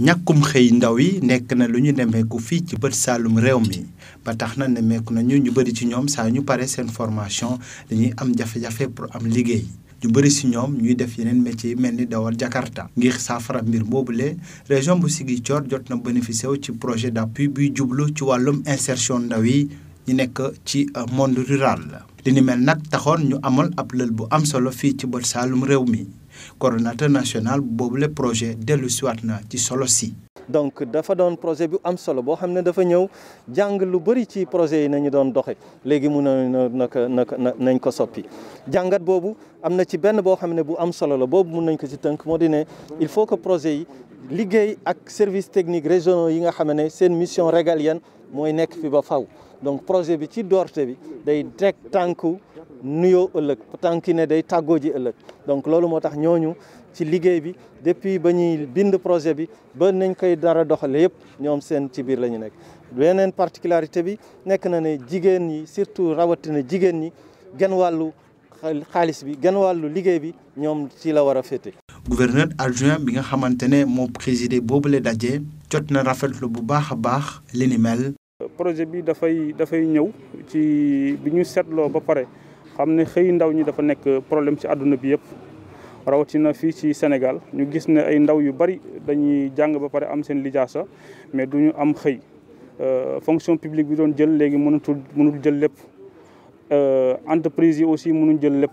ñakum xey ndaw yi nekk na lu ñu nemmeeku fii ci bët saalum réew mi ba tax na nemmeeku na ñu ñu bëri ci ñoom saa ñu pare seen formation dañuy am jafe-jafe pour am liggéey ñu bëri si ñoom ñuy def yeneen métier yi mel ni dawal Jakarta ngir saafara mbir boobule région bu Ziguinchor jot na bénéficié wu ci projet d'appui buy jublu ci wàllum insertion ndaw yi ñu nekk ci euh, monde rural. li ni mel nag taxoon ñu amal ab lël bu am solo fii ci bët saalum réew mi coordonnateur national Bob le projet delu siwaat ci solo si donc dafa don projet am dafa lu projet yi am il faut que projet yi ak service technique régionaux yi nga c'est mission régalienne fi donc projet bi ci dorté bi day teg tànku nuyo ëllëg tanki ne day tàggoo ji ëllëg donc loolu motax tax ñooñu ci liggéey bi depuis bañuy bind projet bi ba nañ koy dara doxale yépp ñoom seen ci biir lañu ñu nekk beneen particularité bi nekk na ne jigéen ñi surtout rawatina jigéen ñi gën wàllu xaalis bi gën wàllu liggéey bi ñoom ci la war a féete gouverneur adjoint bi nga xamante ne moo présidé boobule daje jot na rafetlu bu baax a baax li ni mel projet bi dafay dafay ñëw ci bi ñu seetloo ba pare xam ne xëy ndaw ñi dafa nekk problème ci àdduna bi yëpp rawatina fii ci Sénégal ñu gis ne ay ndaw yu bari dañuy jàng ba pare am seen lijaasa mais du ñu am xëy euh, fonction publique bi doon jël léegi mënatul mënul jël lépp euh, entreprise yi aussi mënuñ jël lépp